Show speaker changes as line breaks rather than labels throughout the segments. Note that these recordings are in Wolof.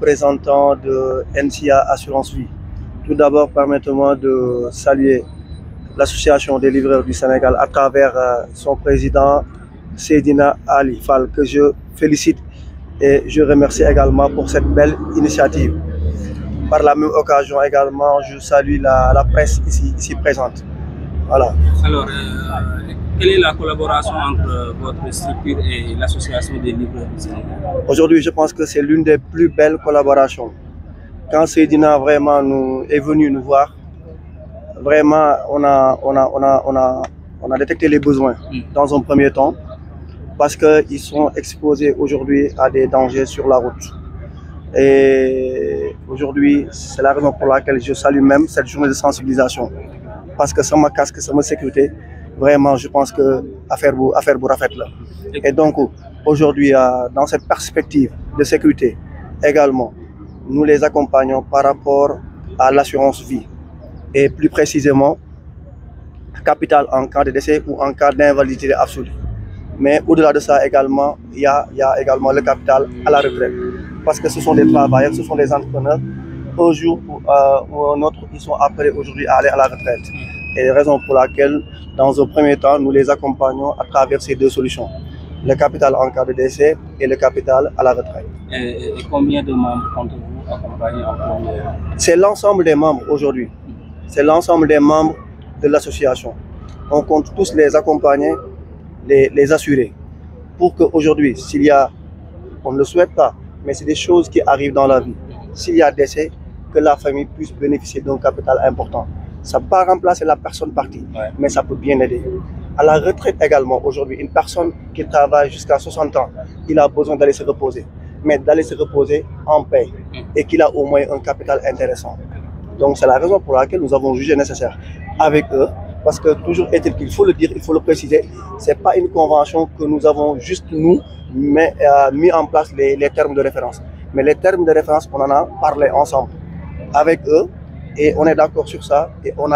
représentant de NCA Assurance Vie. Tout d'abord, permettez-moi de saluer l'Association des livreurs du Sénégal à travers euh, son président Sedina Ali Fall, que je et je remercie également pour cette belle initiative. Par la même occasion également, je salue la, la presse ici, ici présente. Voilà. Alors,
euh, quelle est la collaboration entre euh, votre structure et l'association des livreurs du Sénégal Aujourd'hui, je
pense que c'est l'une des plus belles collaborations. Quand Seydina vraiment nous est venu nous voir, vraiment, on a, on a, on a, on a, on a détecté les besoins mm. dans un premier temps parce qu'ils sont exposés aujourd'hui à des dangers sur la route. Et aujourd'hui, c'est la raison pour laquelle je salue même cette journée de sensibilisation. parce que sama casque sama sécurité vraiment je pense que affaire bu affaire bu rafet la et donc aujourd'hui euh, dans cette perspective de sécurité également nous les accompagnons par rapport à l'assurance vie et plus précisément capital en cas de décès ou en cas d'invalidité absolue mais au-delà de ça également a il y a également le capital à la retraite parce que ce sont des travailleurs ce sont des entrepreneurs un jour pour, euh, ou un autre, ils sont appelés aujourd'hui à aller à la retraite. Mm. Et raison pour laquelle, dans un premier temps, nous les accompagnons à travers ces deux solutions. Le capital en cas de décès et le capital à la retraite.
Et, et combien de membres comptez-vous accompagner
C'est l'ensemble des membres aujourd'hui. C'est l'ensemble des membres de l'association. On compte tous les accompagner, les, les assurer. Pour qu'aujourd'hui, s'il y a, on ne le souhaite pas, mais c'est des choses qui arrivent dans la vie. S'il y a décès, que la famille puisse bénéficier d'un capital important. Ça ne peut pas remplacer la personne partie, ouais. mais ça peut bien aider. À la retraite également, aujourd'hui, une personne qui travaille jusqu'à 60 ans, il a besoin d'aller se reposer, mais d'aller se reposer en paix mm. et qu'il a au moins un capital intéressant. Donc c'est la raison pour laquelle nous avons jugé nécessaire avec eux, parce que toujours est-il qu'il faut le dire, il faut le préciser, c'est pas une convention que nous avons juste nous mais, euh, mis en place les, les termes de référence. Mais les termes de référence, on en a parlé ensemble. avec eux et on est d'accord sur ça et on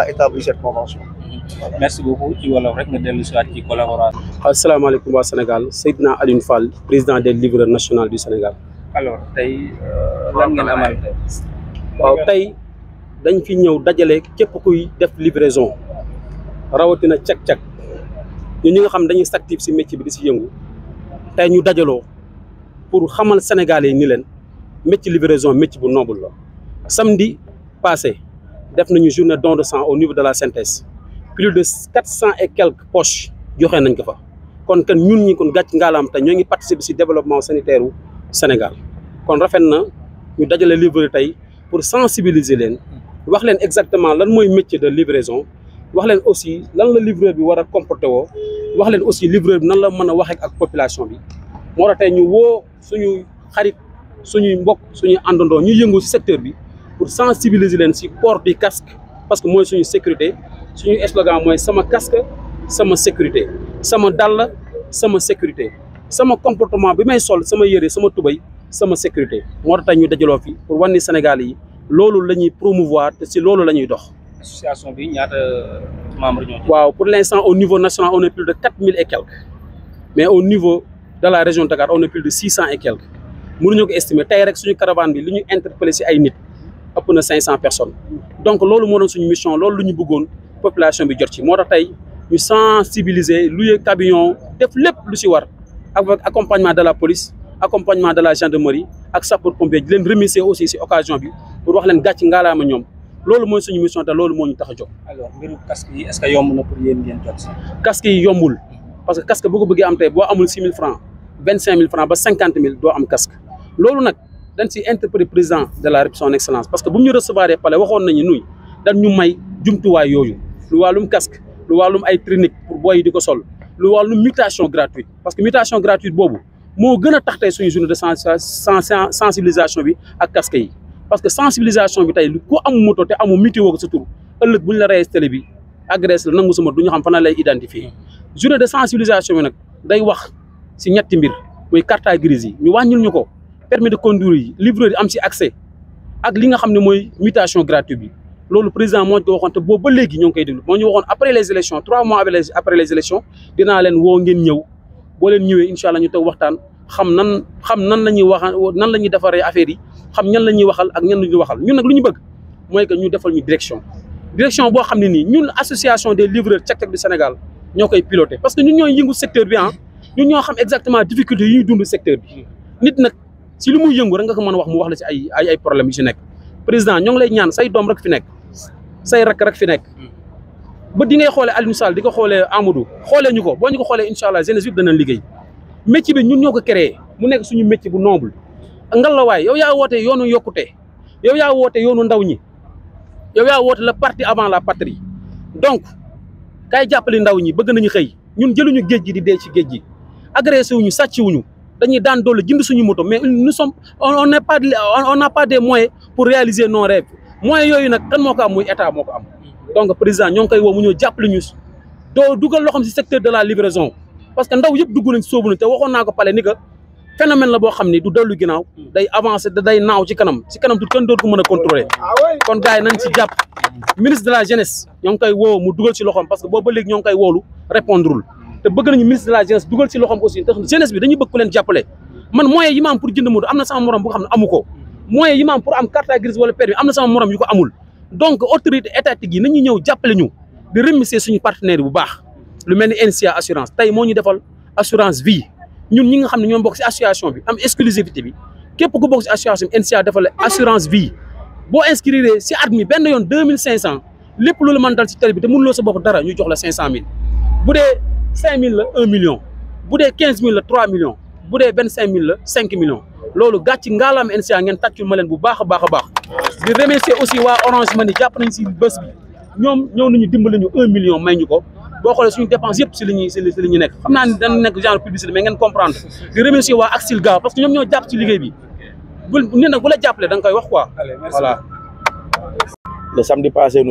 ci wolof rek nga dellu si waat ci waa Sénégal Seydina Alioune Fall président des livreurs national du Sénégal. alors tey euh, lan ngeen amal tey. waaw tey dañ fi ñëw dajale képp kuy def livraison rawatina cag-cag ñu ñi nga xam dañuy s'active si métier bi di si yëngu tey ñu dajaloo pour xamal sénégalais yi ni leen métier livraison métier bu noble la. samedi passé def nañu journée don de sang au niveau de la synthèse plus de quatre cent et quelques poche joxe nañ ko fa kon kan ñun ñi kon gàcc ngaalaam te ñoo ngi participer ci développement sanitaire Sénégal kon rafet na ñu dajale livre tey pour sensibiliser leen wax leen exactement lan mooy métier de livraison wax leen aussi lan la livreur bi war a comporter woo wax aussi livreur bi nan la mën a waxee ak population bi moo tax tey ñu woo suñu xarit suñuy mbokk suñuy àndandoo ñu yëngu secteur bi pour sensibiliser leen si port du casque parce que mooy suñu sécurité suñu slogan mooy sama casque sama sécurité sama dàll sama sécurité sama comportement bi may sol sama yére sama tubay sama sécurité moo tax ñu dajaloo fi pour wan ni Sénégal yi loolu la ñuy promouvoir te si loolu la ñuy dox. association bi ñaata euh, membres ñoo waaw pour l'instant au niveau national on est plus de quatre mille et quelques mais au niveau de la région de Dakar on est plus de six cent et quelques mënuñu ko estimer tey rek suñu caravane bi li ñu interpellé si ay nit. ëpp na cinq cent personnes donc loolu moo doon suñu mission loolu lu ñu bëggoon population bi jot ci moo tax ñu sensibiliser luye camion def lépp lu ci war avec accompagnement de la police accompagnement de la gendarmerie ak sapeur pompier di leen remercier aussi ci occasion bi pour wax leen gàcc ngaalaama ñoom loolu mooy suñu mission te loolu moo ñu tax a jóg. alors mbirum casque yi est-ce que yomb na pour yéen ngeen jot ci. casque yi yombul parce que casque bu ko bëggee am tey boo amul six mille francs ba doo am casque loolu nag. dañ si interpellé président de la République son excellence parce que bu ñu recevoir palais waxoon nañu nuy dañ ñu may jumtuwaay yooyu lu wàllum casque lu wàllum ay clinique pour booy di ko sol lu wàllum mutation gratuite parce que mutation gratuite boobu moo gën a tax tey suñu journée de sensibilisation bi ak casque yi parce que sensibilisation bi tey ku amu moto te amu météo ko sa tur ëllëg bu la reyee télé bi agresse la nangu sama du ñu xam fana lay identifier journée de sensibilisation bi nag day wax si ñetti mbir mooy carte grise yi ñu wàññil ñu ko permis de conduire yi livreur yi am si accès ak li nga xam ne mooy mutation gratuite bi loolu président moo ko waxoon te boobu ba léegi ñoo ngi koy déglu moo ñu waxoon après les élections trois mois après les élections dinaa leen woo ngeen ñëw boo leen ñëwee incha ñu toog waxtaan xam nan xam ñuy wax defaree affaire yi xam ñan la ñuy waxal ak ñan la ñuy waxal ñun nag lu ñu bëgg mooy que ñu defal ñu direction direction boo xam ne nii ñun association des livreurs Cak-Cak du Sénégal ñoo koy piloté parce que ñun ñooy yëngu secteur bi ah ñun ñoo xam exactement difficulté si li muy yëngu rek nga ko mën a wax mu wax la si ay ay ay problème yu si nekk président ñoo ngi lay ñaan say doom rek fi nekk say rakk rek fi nekk ba di ngay xoolee Aliou Sall di ko xoolee Amadou xoolee ñu ko boo ñu ko xoolee incha allah jeunesse bi danañ liggéey métier bi ñun ñoo ko créé mu nekk suñu métier bu noble ngal la waay yow yaa woote yoonu yokkute yow yaa woote yoonu ndaw ñi yow yaa woote la parti avant la patrie donc kay jàppale ndaw ñi bëgg nañu xëy ñun jëluñu géej gi di dee ci géej gi agressé wuñu sàcc wuñu dañuy daan doole jënd suñu moto mais nous sommes on n'a pas des moyens pour réaliser non rêves moyens yooyu nag kan moo ko am muy état moo ko donc président ñoo ngi koy woo mu ñëw jàppale ñu doo dugal loxoom si secteur de la livraison parce que ndaw yëpp dugg nañ sóobu nañ te waxoon naa ko pale ni que la boo xam ni du dellu ginnaaw day avancé day naaw ci kanam ci kanam du kenn dootu ko mën a contrôler kon gars nañ ci jàpp ministre de la jeunesse ñoo ngi koy woo mu dugal ci loxoom parce que boobu ba ñoo ngi koy woolu répondrul te bëgg nañu ministre de la jeunesse dugal si loxoom aussi ndax jeunesse bi dañuy bëgg ku leen jàppale man moyen yi pour jënd moto am na sama morom bu nga xam ne amu ko moyen pour am carte grise wala permis am na sama morom yu ko amul donc autorité étatique yi nañu ñëw jàppale ñu di remercier suñu partenaire bu baax lu mel ni NCA assurance tey moo ñu defal assurance vie ñun ñi nga xam ne ñoom bokk si association bi am exclusivité bi képp ku bokk si association bi NCA defal boo inscrire si at mi benn yoon deux mille cinq cent lépp loolu mën dal si tali bi te mënuloo sa bopp dara ñu jox la cinq cent cinq mille la un million bu dee quinze mille la trois millions bu dee vingt cinq mille la loolu gàcc ngaalaam NCA ngeen tàccul ma leen bu baax a baax a baax di remercier aussi waa Orange Money jàpp nañ si bés bi ñoom ñëw nañu dimbali ñu un million may ñu ko boo xoolee suñu dépense yëpp si li ñu nekk xam na ne dana nekk genre publicité mais ngeen comprendre di remercier waa Axil Gaaw parce que ñoom ñoo jàpp ci liggéey bi bu nag bu la jàppale da nga koy wax quoi voilà
le samedi passé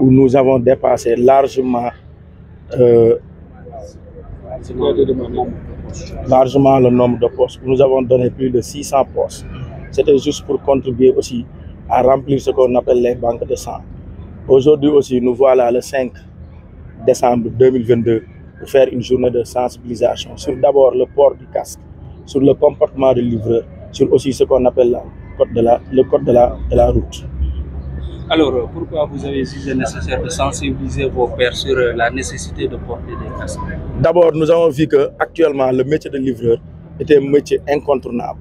nous avons Euh, largement le nombre de postes. Nous avons donné plus de 600 postes. C'était juste pour contribuer aussi à remplir ce qu'on appelle les banques de sang. Aujourd'hui aussi, nous voilà le 5 décembre 2022 pour faire une journée de sensibilisation sur d'abord le port du casque, sur le comportement du livreur, sur aussi ce qu'on la, code de la, le code de la, de la route.
Alors, pourquoi vous euh, la nécessité de porter des casques
D'abord, nous avons vu que actuellement le métier de livreur était un métier incontournable.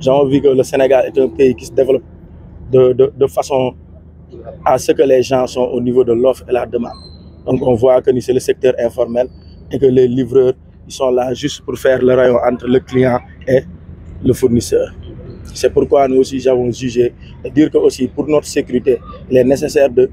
Nous avons vu que le Sénégal est un pays qui se développe de, de, façon à ce que les gens sont au niveau de l'offre et la demande. Donc on voit que c'est le secteur informel et que les livreurs ils sont là juste pour faire le rayon entre le client et le fournisseur. C'est pourquoi nous aussi avons jugé de dire que aussi pour notre sécurité, il est nécessaire de,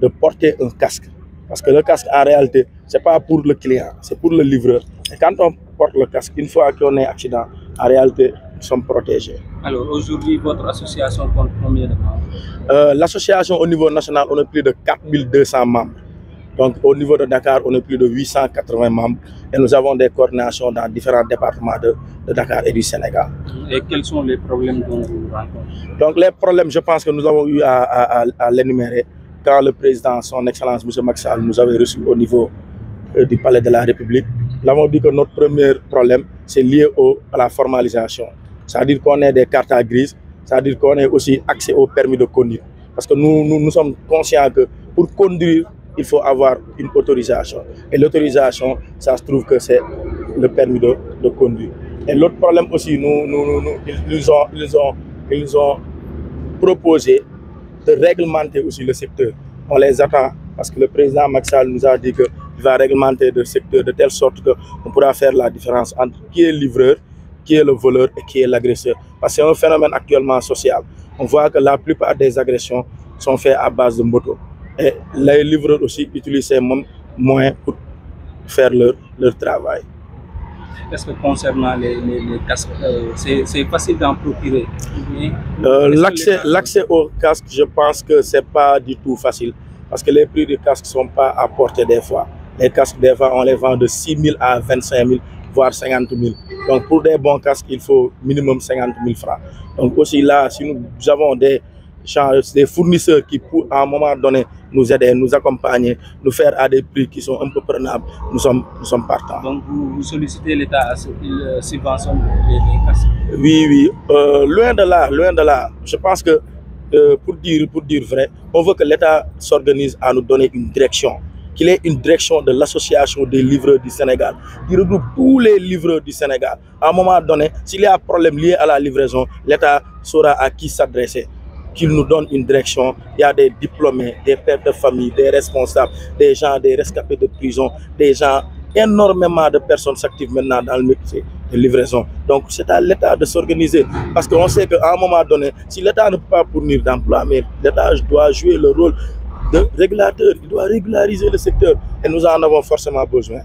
de porter un casque. Parce que le casque, en réalité, ce n'est pas pour le client, c'est pour le livreur. Et quand on porte le casque, une fois qu'on est accident, en réalité, nous sommes protégés.
Alors aujourd'hui, votre association compte combien de membres
euh, L'association au niveau national, on a plus de membres. Donc, au niveau de Dakar, on est plus de 880 membres et nous avons des coordinations dans différents départements de, de Dakar et du
Sénégal. Et quels sont les problèmes dont
je pense que nous avons eu à, à, à, à l'énumérer quand le président, son Excellence M. Maxal, nous avait reçus au niveau euh, du Palais de la République. Nous avons dit que notre premier problème, c'est lié au, à des cartes à grises, c'est-à-dire qu'on ait aussi accès au permis de conduire. Parce que nous sommes conscients que pour conduire, il faut avoir une autorisation. Et l'autorisation, ça se trouve que c'est le permis de, de conduire. Et l'autre problème aussi, nous, nous, nous ils, ont, ils, ont, ils ont proposé de réglementer aussi le secteur. On les attend parce que le président Maxal nous a dit qu'il va réglementer le secteur de telle sorte qu'on pourra faire la différence entre qui est le livreur, qui est le voleur et qui est l'agresseur. Parce que phénomène actuellement social. On voit que la plupart des agressions sont faites à base de et les livreurs aussi utilisent ces mêmes moyens pour faire leur, leur
Est-ce que concernant les, les, les casques, euh, c'est facile d'en procurer euh, je
pense que ce n'est pas du tout que les prix des casques ne sont pas fois. Les casques, des fois, on les vend de 6 000 à 25 000, voire 50 000. il faut minimum 50 000 francs. Donc, des fournisseurs qui, pour, à un moment donné, nous aider, nous accompagner, nous faire à des prix qui sont un peu prenables, nous sommes, nous sommes partants.
Donc, vous, sollicitez l'État à ce qu'il euh, subventionne les Oui,
oui. Euh, loin de là, loin de là. Je pense que, euh, pour, dire, pour dire vrai, on veut que l'État s'organise à nous donner une direction qu'il ait une direction de l'association des livreurs du Sénégal, qui regroupe tous les livreurs du Sénégal. À un moment donné, s'il problème lié à la livraison, l'État saura à qui s'adresser. qu'il nous donne une direction. Il y a des diplômés, des pères de famille, des responsables, des gens, des rescapés de prison, des gens, énormément de personnes s'activent maintenant dans le métier de livraison. Donc c'est à l'État de s'organiser parce qu'on sait qu'à un moment donné, si l'État ne peut pas fournir d'emploi, mais l'État doit jouer le rôle de régulateur, il doit régulariser le secteur et nous en avons forcément besoin.